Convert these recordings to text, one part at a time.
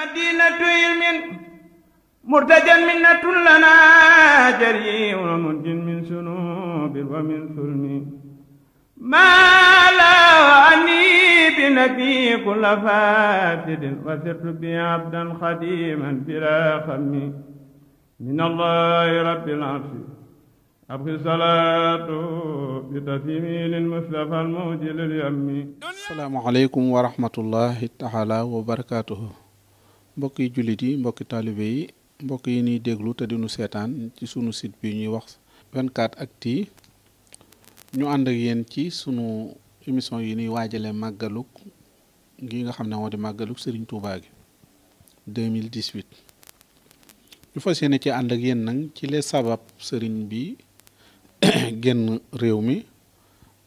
مدينة علم مرتجى منة لنا جريء ومنج من سنوب ومن ثلم ما لا وأني بنبي كل فاسد وسرت بي عبدا خديما بلا خم من الله رب العرش أبقي صلاة بتسليمي للمصطفى الموجل اليمي السلام عليكم ورحمة الله تعالى وبركاته mbokk yi jullit yi mbokki taalibe yi mbokk yi nuy déglu te dinu seetaan ci sunu sit bi ñuy wax ak actu ñu ànd ak yéen ci sunu émission yi nuy waajale màggalug gi nga xam ne moo di màggalug Serigne Touba gi 2018 fa fas yéene ci ànd ak yenn nag ci les sabab sëriñ bi génn réew mi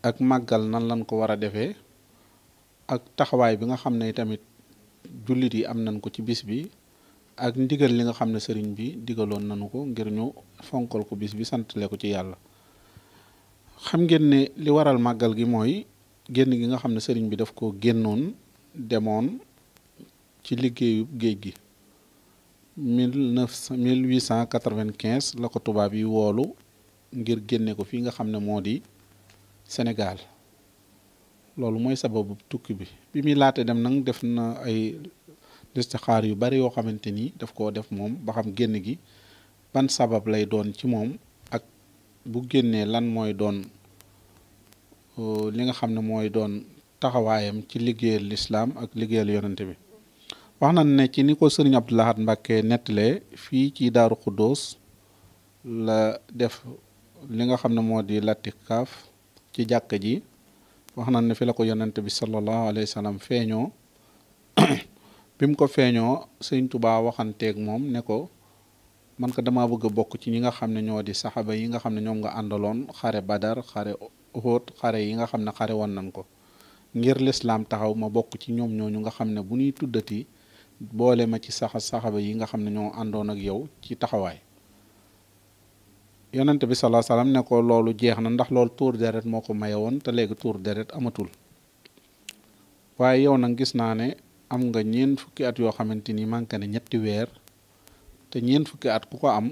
ak màggal nan lañ ko war a defee ak taxawaay bi nga xam ne tamit jullit yi am nañ ko ci bis bi ak ndigal li nga xam ne sëriñ bi digaloon nañu ko ngir ñu fonkal ko bis bi santale ko ci yàlla xam ngeen ne li waral màggal gi mooy génn gi nga xam ne sëriñ bi daf ko génnoon demoon ci liggéeyu géej gi 1895 la ko tubaab yi woolu ngir génne ko fii nga xam ne moo di Sénégal loolu mooy sababu tukki bi bi muy laate dem nag def na ay xaar yu bari yoo xamante ni daf koo def moom ba xam génn gi ban sabab lay doon ci moom ak bu génnee lan mooy doon li nga xam ne mooy doon taxawaayam ci liggéeyal lislaam ak liggéeyal yonante bi wax na ne ci ni ko sëriñ Abdou Lahad Mbàkke nettalee fii ci Daaru Xuddoos la def li nga xam ne moo di latikaaf ci jàkka ji wax na ne fi la ko yonent bi sallallahu alayhi wa sallam feeñoo bi mu ko feeñoo sëñ tubaa waxanteeg moom ne ko man ko damaa bëgg a bokk ci ñi nga xam ne ñoo di saxaaba yi nga xam ne ñoom nga àndaloon xare badar xare Uhud xare yi nga xam ne xare woon nañ ko ngir lislaam taxaw ma bokk ci ñoom ñooñu nga xam ne bu ñuy tuddati boole ma ci saxa saxaaba yi nga xam ne ñoo àndoon ak yow ci taxawaay yonent bi salaa salaam ne ko loolu jeex na ndax loolu tuur deret moo ko maye woon te léegi tuur deret amatul waaye yow nag gis naa ne am nga ñeent fukki at yoo xamante ni manqué ne ñetti weer te ñeent fukki at ku ko am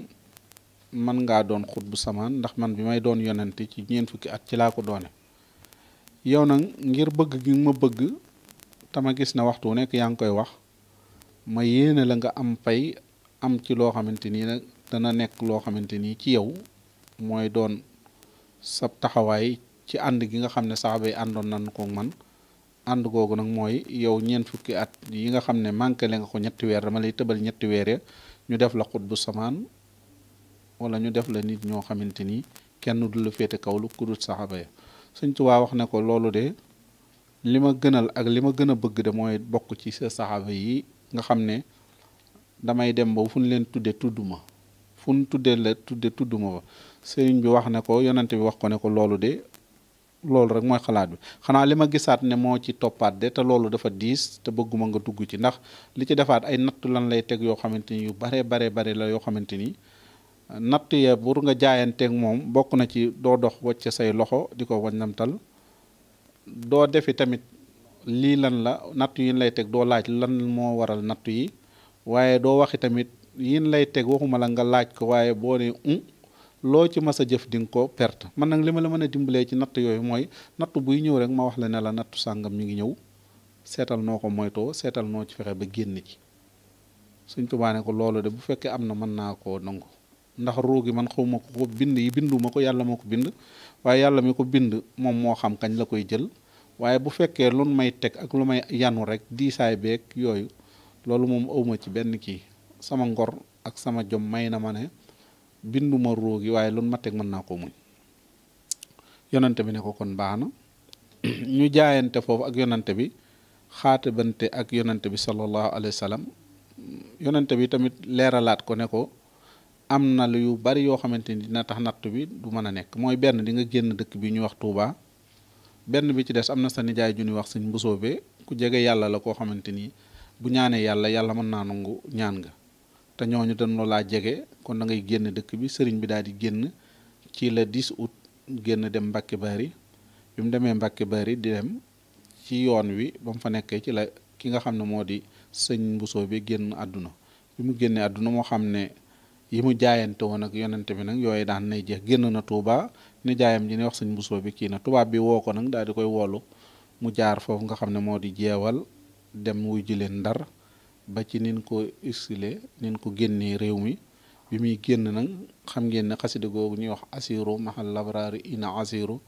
man ngaa doon xut bu samaan ndax man bi may doon yonente ci ñeent fukki at ci laa ko doone yow nag ngir bëgg gi ma bëgg tama gis ne waxtu nekk yaa ngi koy wax ma yéene la nga am pay am ci loo xamante nii nag dana nekk loo xamante nii ci yow mooy doon sab taxawaay ci ànd gi nga xam ne saxaaba yi àndoon nan ko man ànd googu nag mooy yow ñeent fukki at yi nga xam ne manqué le nga ko ñetti weer dama lay tëbal ñetti weere ñu def la xut bu samaan wala ñu def la nit ñoo xamante ni kenn du la féete kaw lu ku dul saxaaba ya Sëñ Tuubaa wax ne ko loolu de li ma gënal ak li ma gën a bëgg de mooy bokk ci sa saxaaba yi nga xam ne damay dem ba fu ñu leen tudde tudd ma fu nu tuddee la tudde tudduma fa sëriñ bi wax ne ko yonante bi wax ko ne ko loolu de loolu rek mooy xalaat bi xanaa li ma gisaat ne moo ci toppaat de te loolu dafa diis te bëgguma nga dugg ci ndax li ci defaat ay nattu lan lay teg yoo xamante ni yu bare bare bare la yoo xamante ni natt ya pour nga jaayanteeg moom bokk na ci doo dox wocce say loxo di ko waññamtal doo defi tamit lii lan la nattu yi lay teg doo laaj lan moo waral nattu yi waaye doo waxi tamit yin lay teg waxuma la nga laaj ko waaye boo ne un loo ci mas a jëf di nga ko perte man nag li ma la mën a dimbalee ci natt yooyu mooy natt buy ñëw rek ma wax la ne la nattu sàngam mi ngi ñëw seetal noo ko moytoo seetal noo ci fexe ba génn ci suñ tubaa ne ko loolu de bu fekkee am na mën naa koo nangu ndax ruugi man xawma ko ko bind yi binduma ko yàlla moo ko bind waaye yàlla mi ko bind moom moo xam kañ la koy jël waaye bu fekkee lu may teg ak lu may yanu rek diisaay beeg yooyu loolu moom awma ci benn kii sama ngor ak sama jom may na ma ne binduma ruugi waaye lu ma teg mën naa ko muñ yonante bi ne ko kon baax na ñu jaayante foofu ak yonante bi xaate bante ak yonante bi sallallahu alayhi wa sallam yonante bi tamit leeralaat ko ne ko am na lu yu bari yoo xamante ni dina tax natt bi du mën a nekk mooy benn di nga génn dëkk bi ñuy wax Touba benn bi ci des am na sa nijaay ju ñuy wax sëñ Mbusoobe ku jege yàlla la koo xamante ni bu ñaanee yàlla yàlla mën naa nangu ñaan nga te ñooñu dañoo laa jege kon da ngay génn dëkk bi sëriñ bi daal di génn ci la 10 août génn dem Mbàkke Bari bi mu demee Mbàkke Bari di dem ci yoon wi ba mu fa nekkee ci la ki nga xam ne moo di sëñ Mbusoo bi génn àdduna bi mu génnee àdduna moo xam ne yi mu jaayante woon ak yonente bi nag yooyu daan nay jeex génn na Touba ni jaayam ji ne wax sëñ Mbusoo bi kii na tubaab bi woo ko nag daal di koy woolu mu jaar foofu nga xam ne moo di jeewal dem wuy ji leen Ndar ba ci nin ko exilé nin ko génnee réew mi bi muy génn nag xam ngeen ne googu ñuy wax asiru mahal labraari ina asiru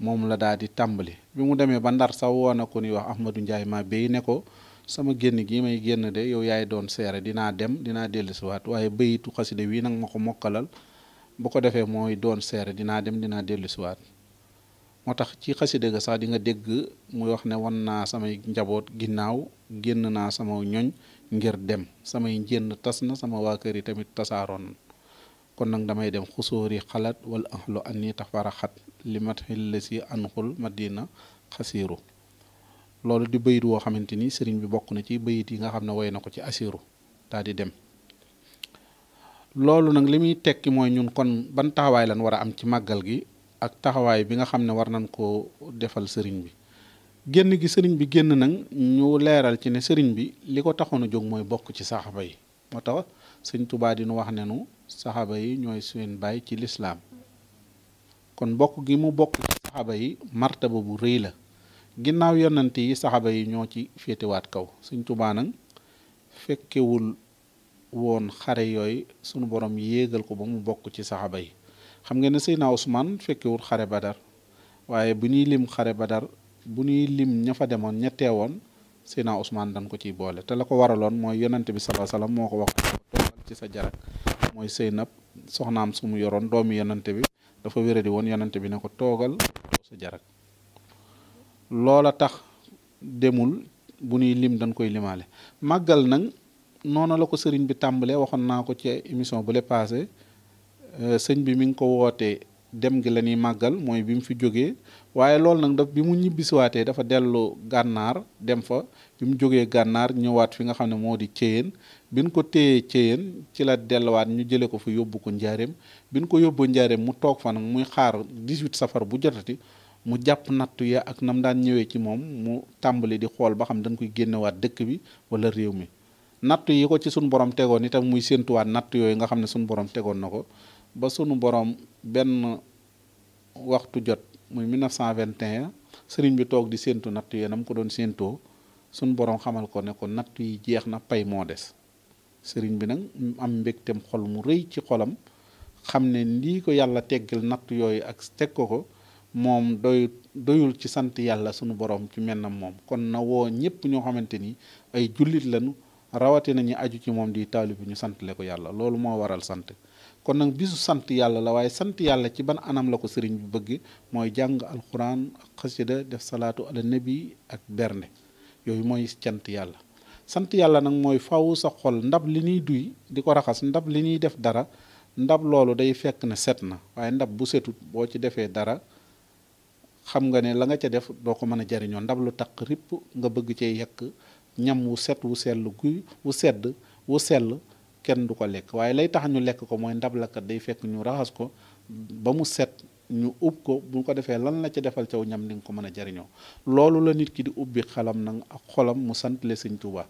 moom la daal di tàmbali bi mu demee ba ndar sax woo na ko ni wax Ahmadou njaay ma béy ne ko sama génn gi may génn de yow yaay doon seere dinaa dem dinaa dellusiwaat waaye béyitu xasida wii nag ma ko mokkalal bu ko defee mooy doon seere dinaa dem dinaa dellusiwaat moo tax ci xasida ga sax dinga dégg muy wax ne wan naa samay njaboot ginnaaw génn naa sama ñoñ ngir dem samay njénn tas na sama waa kër yi tamit tasaaroon kon nag damay dem xusóori xalaat wala ahlu anni tafaraxat li mat xilla si anxul madina xasiiru loolu di bayit woo xamante ni sëriñ bi bokk na ci bayit yi nga xam ne woy na ko ci asiiru daal di dem loolu nag li muy tekki mooy ñun kon ban taxawaay lan war a am ci màggal gi ak taxawaay bi nga xam ne war nañ koo defal sëriñ bi génn gi sëriñ bi génn nag ñu leeral ci ne sëriñ bi li ko taxoon a jóg mooy bokk ci saxaaba yi moo tax sëñ Tuubaa di nu wax ne nu saxaaba yi ñooy seen baay ci lislaam kon bokk gi mu bokk ci yi martaba bu rëy la ginnaaw yonante yi saxaba yi ñoo ci féetewaat kaw suñ Tuubaa nag fekkewul woon xare yooyu sunu borom yéegal ko ba mu bokk ci saxaba yi xam ngeen ne Seydina Ousmane fekkewul xare Badar waaye bu ñuy lim xare ba Badar bu ñuy lim ña fa demoon ña teewoon Seydina Ousmane dañ ko ciy boole te la ko waraloon mooy yonante bi sallallahu alayhi moo ko wax toogal ci sa jarak mooy Seynab soxnaam su mu yoroon doomi yonante bi dafa wéradi woon yonante bi ne ko toogal sa jarak loola tax demul bu nuy lim dañ koy limaale màggal nag noonu la ko sëriñ bi tàmbalee waxoon naa ko ci émission bu le Euh, sëñ bi mi ngi ko wootee dem gi la ñuy màggal mooy bi mu fi jógee waaye loolu nag daf bi mu ñibbisiwaatee dafa dellu gànnaar dem fa bi mu jógee gànnaar ñëwaat fi nga xam ne moo di Céyeen bi ñu ko téyee Céyeen ci la delluwaat ñu jëlee ko fa yóbbu ko njaareem bi ñu ko yóbbu njaareem mu toog fa nag muy xaar 18 safar bu jotati mu jàpp natt ya ak nam daan ñëwee ci moom mu tàmbali di xool ba xam dañ koy génnewaat dëkk bi wala réew mi nattu yi ko ci suñu borom tegoon itam muy séentuwaat natt yooyu nga xam ne suñu borom tegoon na ko ba sunu borom benn waxtu jot muy 1921 sëriñ bi toog di séentu natt yi nam ko doon séentoo sunu borom xamal ko ne ko natt yi jeex na pay moo des sëriñ bi nag am mbégtem xol mu rëy ci xolam xam ne lii ko yàlla teggal natt yooyu ak teg ko ko moom doy doyul ci sant yàlla sunu borom ci mennam moom kon na woo ñëpp ñoo xamante ni ay jullit lañu rawate nañu aju ci moom di bi ñu sant le ko yàlla loolu moo waral sant kon nag bisu sant yàlla la waaye sant yàlla ci ban anam la ko sëriñ bi bëgg mooy jàng alxuraan ak xasida def salaatu ala nabi ak berne yooyu mooy sant yàlla sant yàlla nag mooy faw sa xol ndab li ñuy duy di ko raxas ndab li ñuy def dara ndab loolu day fekk na set na waaye ndab bu setut boo ci defee dara xam nga ne la nga ca def doo ko mën a jariñoo ndab lu taq ripp nga bëgg cee yekk ñam wu set wu sell guy wu sedd wu sell kenn du ko lekk waaye lay tax ñu lekk ko mooy ndab la kat day fekk ñu raxas ko ba mu set ñu ub ko bu ko defee lan la ci defal caw ñam di nga ko mën a jariñoo loolu la nit ki di ubbi xalam nag ak xolam mu sant le sëñ Tuubaa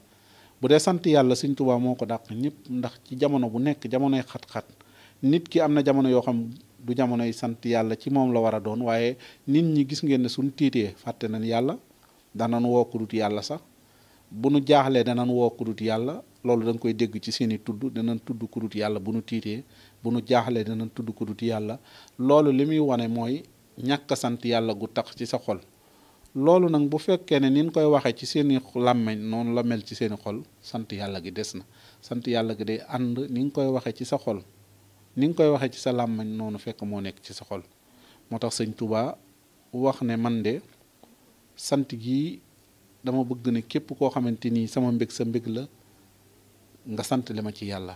bu dee sant yàlla sëñ Tuubaa moo ko dàq ñëpp ndax ci jamono bu nekk jamonoy xat-xat nit ki am na jamono yoo xam du jamonoy sant yàlla ci moom la war a doon waaye nit ñi gis ngeen ne suñ tiitee fàtte nañ yàlla danañ woo ku dut bu nu jaaxlee danañ woo kudut yàlla loolu da koy dégg ci seen i tudd dana tudd kudut yàlla bu nu tiitee bu nu jaaxlee dana tudd kudut yàlla loolu li muy wane mooy ñàkk sant yàlla gu tax ci sa xol loolu nag bu fekkee ne niñ koy waxee ci seen i làmmeñ noonu la mel ci seeni i xol sant yàlla gi des na sant yàlla gi day ànd ni nga koy waxee ci sa xol ni nga koy waxee ci sa làmmañ noonu fekk moo nekk ci sa xol moo tax sëñ Tuubaa wax ne man de sant gi dama bëgg ne képp koo xamante ni sama mbég sa mbég la nga sant ma ci yàlla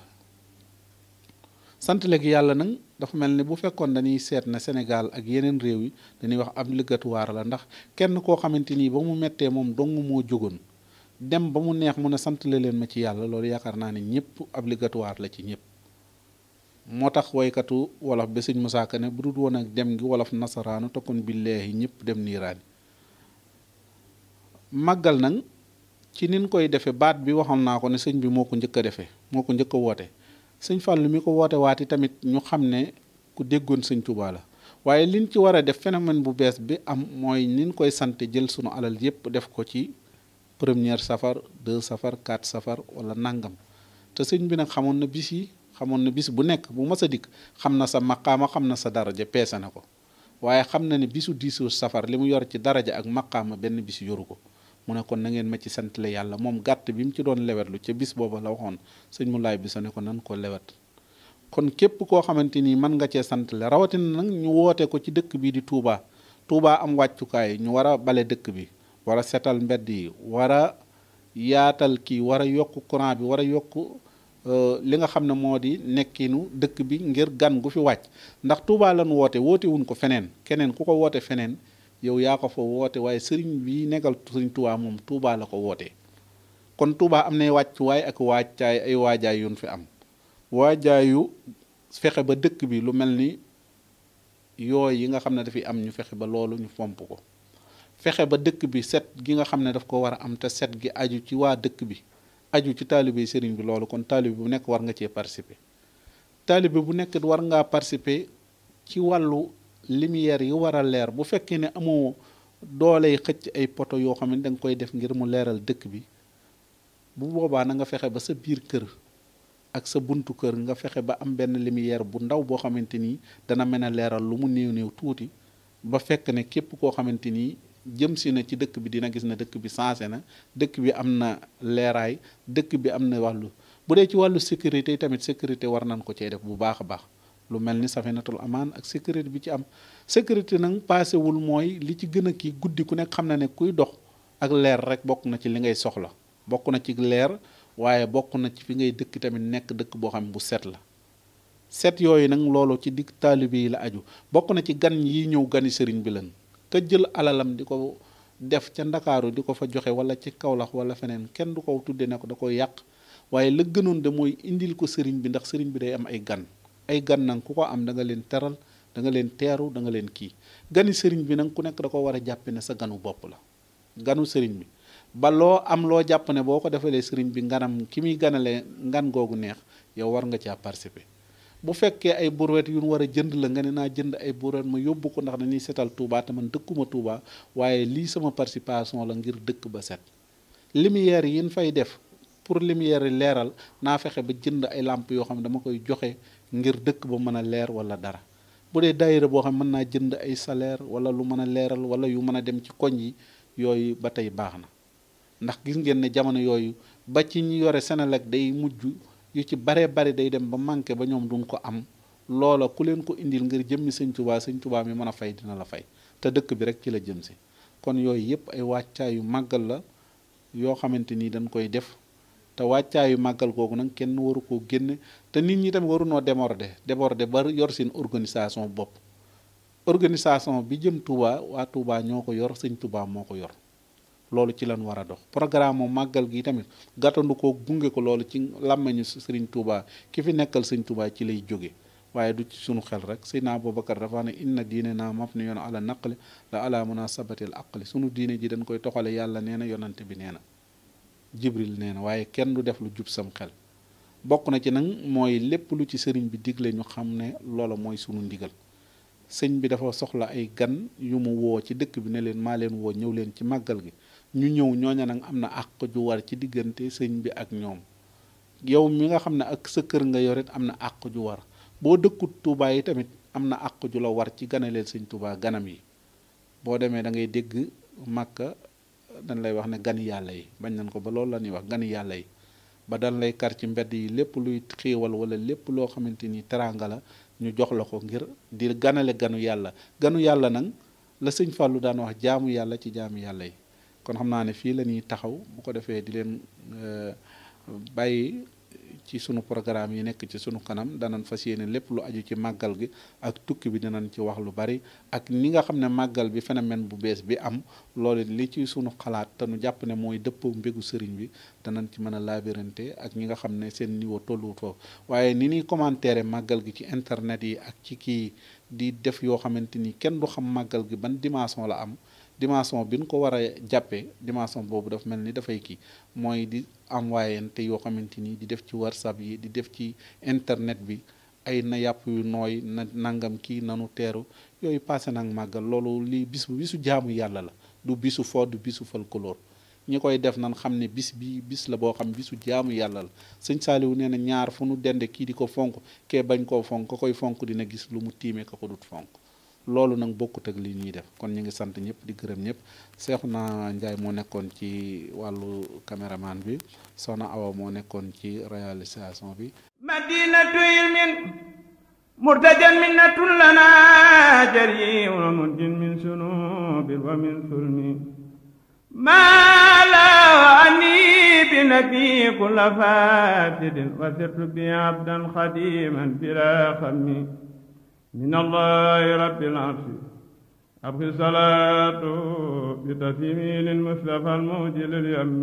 sant léegi yàlla nag dafa mel ni bu fekkoon dañuy seet na Sénégal ak yeneen réew yi dañuy wax ab ligatuwaar la ndax kenn koo xamante ni ba mu mettee moom dong moo jógoon dem ba mu neex mu ne sant leen ma ci yàlla loolu yaakaar naa ne ñëpp ab liggéeyuwaar la ci ñëpp. moo tax woykatu wolof ba sëñ Musaa Ka ne bu dul woon ak dem ngi wolof nasaraanu kon billaahi ñëpp dem niiraani màggal nag ci nin koy defee baat bi waxoon naa ko ne sëñ bi moo ko njëkk a defee moo ko njëkk a woote sëñ Fallou mi ko woote waati tamit ñu xam ne ku déggoon sëñ Touba la waaye liñ ci war a def phénomène bu bees bi am mooy nin koy sante jël sunu alal yépp def ko ci première safar deux safar quatre safar wala nangam te sëñ bi nag xamoon na bis yi xamoon na bis bu nekk bu mas a dikk xam na sa maqaama xam na sa daraja peese na ko waaye xam na ne bisu diisu safar li mu yor ci daraja ak maqaama benn bis yoru ko mu ne kon na ngeen ma ci sant yàlla moom gàtt bi mu ci doon lewetlu ca bis booba la waxoon sëñ mu laay bi sa ne ko nan ko lewet kon képp koo xamante ni mën nga cee sant la rawatina nag ñu woote ko ci dëkk bii di Touba tuubaa am wàccukaay ñu war a bale dëkk bi wara a setal mbedd yi war a yaatal kii war a yokk courant bi war a yokk euh, li nga xam ne moo di nekkinu dëkk bi ngir gan gu fi wàcc ndax Touba lan woote woote ko feneen keneen ku ko woote feneen yow yaa ko fa woote waaye sëriñ bi nekkal sëriñ tuwaa moom Touba la ko wootee kon Touba am nay wàcc waay ak wàccaay ay waajaay yuñ fi am waajaayu fexe ba dëkk bi lu mel ni yooyu yi nga xam ne dafa am ñu fexe ba loolu fomp ko fexe ba dëkk bi set gi nga xam ne daf ko war a am te set gi aju ci waa dëkk bi aju ci taalibe sëriñ bi loolu kon taalibe bu nekk war nga cee participer taalibe bu nekk war ngaa participer ci wàllu lumière yi war a leer bu fekkee ne amoo dooley xëcc ay poto yoo xam ne da nga koy def ngir mu leeral dëkk bi bu boobaa na nga fexe ba sa biir kër ak sa buntu kër nga fexe ba am benn lumière bu ndaw boo xamante ni dana mën a leeral lu mu néew néew tuuti ba fekk ne képp koo xamante ni jëm si na ci dëkk bi dina gis na dëkk bi changé na dëkk bi am na leeraay dëkk bi am na wàllu bu dee ci wàllu sécurité tamit sécurité war nañ ko cee def bu baax a baax lu mel ni safinatul amaan ak sécurité bi ci am sécurité nag paasewul mooy li ci gën a kii guddi ku nekk xam na ne kuy dox ak leer rek bokk na ci li ngay soxla bokk na ci leer waaye bokk na ci fi ngay dëkk tamit nekk dëkk boo xam bu set la set yooyu nag loolu ci digg taalibe yi la aju bokk na ci gan yi ñëw gani sëriñ bi lan ka jël alalam di ko def ca ndakaaru di ko fa joxe wala ci kawlax wala feneen kenn du ko tuddee ne ko da koy yàq waaye la gënoon de mooy indil ko sëriñ bi ndax sëriñ bi day am ay gan ay gan nag ku ko am da nga leen teral da nga leen teeru danga leen kii gani sëriñ bi nag ku nekk da ko war a jàpp ne sa ganu bopp la ganu sëriñ bi ba loo am loo jàpp ne boo ko defalee sëriñ bi nganam ki muy ganalee ngan googu neex yow war nga caa participer bu fekkee ay burwet yu ñu war a jënd la nga ne naa jënd ay burwet ma yóbbu ko ndax dañuy setal Touba te man dëkkuma Touba waaye lii sama participation la ngir dëkk ba set lumière yi fay def pour lumière leeral naa fexe ba jënd ay làmp yoo xam ne dama koy joxe ngir dëkk ba mën a leer wala dara bu dee daayira boo xam mën naa jënd ay salaire wala lu mën a leeral wala yu mën a dem ci koñ yi yooyu ba tey baax na ndax gis ngeen ne jamono yooyu ba ci ñu yore Senelec day mujj yu ci baree bari day dem ba manqué ba ñoom duñ ko am loola ku leen ko indil ngir jëmmi sëñ tubaa sëñ tubaa mi mën a fay dina la fay te dëkk bi rek ci la jëm si kon yooyu yépp ay wàccaay yu màggal la yoo xamante ni dañ koy def te wàccaayu màggal googu nag kenn waru koo génne te nit ñi tamit warunoo noo déborder déborder ba yor seen organisation bopp organisation bi jëm tuubaa waa tuubaa ñoo ko yor sëñ Touba moo ko yor loolu ci lan war a dox programme mu màggal gi tamit gàttandu ko gunge ko loolu ci làmmeñu sëriñ Touba ki fi nekkal sëñ Touba ci lay jóge waaye du ci sunu xel rek Seydina Aboubacar dafa ne inna diine naa mabniyun ala naqli la ala munasabati al aqli sunu diine ji dañ koy toxale yàlla nee na yonante bi nee na jibril nee na waaye kenn du def lu jub sam xel bokk na ci nag mooy lépp lu ci sëriñ bi digle ñu xam ne loola mooy sunu ndigal sëñ bi dafa soxla ay gan yu mu woo ci dëkk bi ne leen maa leen woo ñëw leen ci màggal gi ñu ñëw ñooña nag am na àq ju war ci diggante sëñ bi ak ñoom yow mi nga xam ne ak sa kër nga yorit am na àq ju war boo dëkkut tuubaay yi tamit am na àq ju la war ci ganaleel sëñ Tuubaa ganam yi boo demee dangay dégg Màkka dañ lay wax ne gani yàlla yi bañ nañ ko ba loolu la ñuy wax gani yàlla yi ba dañ lay kar ci mbedd yi lépp luy xiiwal wala lépp loo xamante ni teraanga la ñu jox la ko ngir di ganale ganu yàlla ganu yàlla nag la sëñ Fallou daan wax jaamu yàlla ci jaamu yàlla yi kon xam naa ne fii la ñuy taxaw bu ko defee di leen euh, bàyyi ci sunu programme yi nekk ci sunu kanam danañ fas yéene lépp lu aju ci màggal gi ak tukki bi dinañ ci wax lu bari ak ni nga xam ne màggal bi phénomène bu bees bi am loolu li ci sunu xalaat te nu jàpp ne mooy dëppoo mbégu sëriñ bi danañ ci mën a laabirante ak ñi nga xam ne seen niveau tolluwut foofu waaye ni ñuy commentaire màggal gi ci internet yi ak ci kii di def yoo xamante ni kenn du xam màggal gi ban dimension la am dimension bi ñu ko war a jàppee dimension boobu daf mel ni dafay kii mooy di am te yoo xamante ni di def ci whatsapp yi di def ci internet bi ay na yàpp yu nooy na nangam kii nanu teeru yooyu passé nag màggal loolu lii bisu bisu jaamu yàlla la du bisu fo du bisu folklore ñi koy def nan xam ne bis bi bis la boo xam bisu jaamu yàlla la sëñ Saaliwu nee na ñaar fu nu dend kii di ko fonk kee bañ koo fonk ka koy fonk dina gis lu mu tiimee ka ko dut fonk loolu nag bokkut ak li ñuy def kon ñu ngi sant ñëpp di gërëm ñëpp Seexuna Njaay moo nekkoon ci wàllu caméraman bi Soxna Awa moo nekkoon ci réalisation bi madinatu ilmin murtajan minnatun lana jari wa mujjin min sunubin wa min sulmi mala ani bi nabi kulla fasidin wa sirtu bi abdan xadiman bila xammi من الله رب العرش أبقي الصلاة بتسليم للمصطفى الموجل اليمين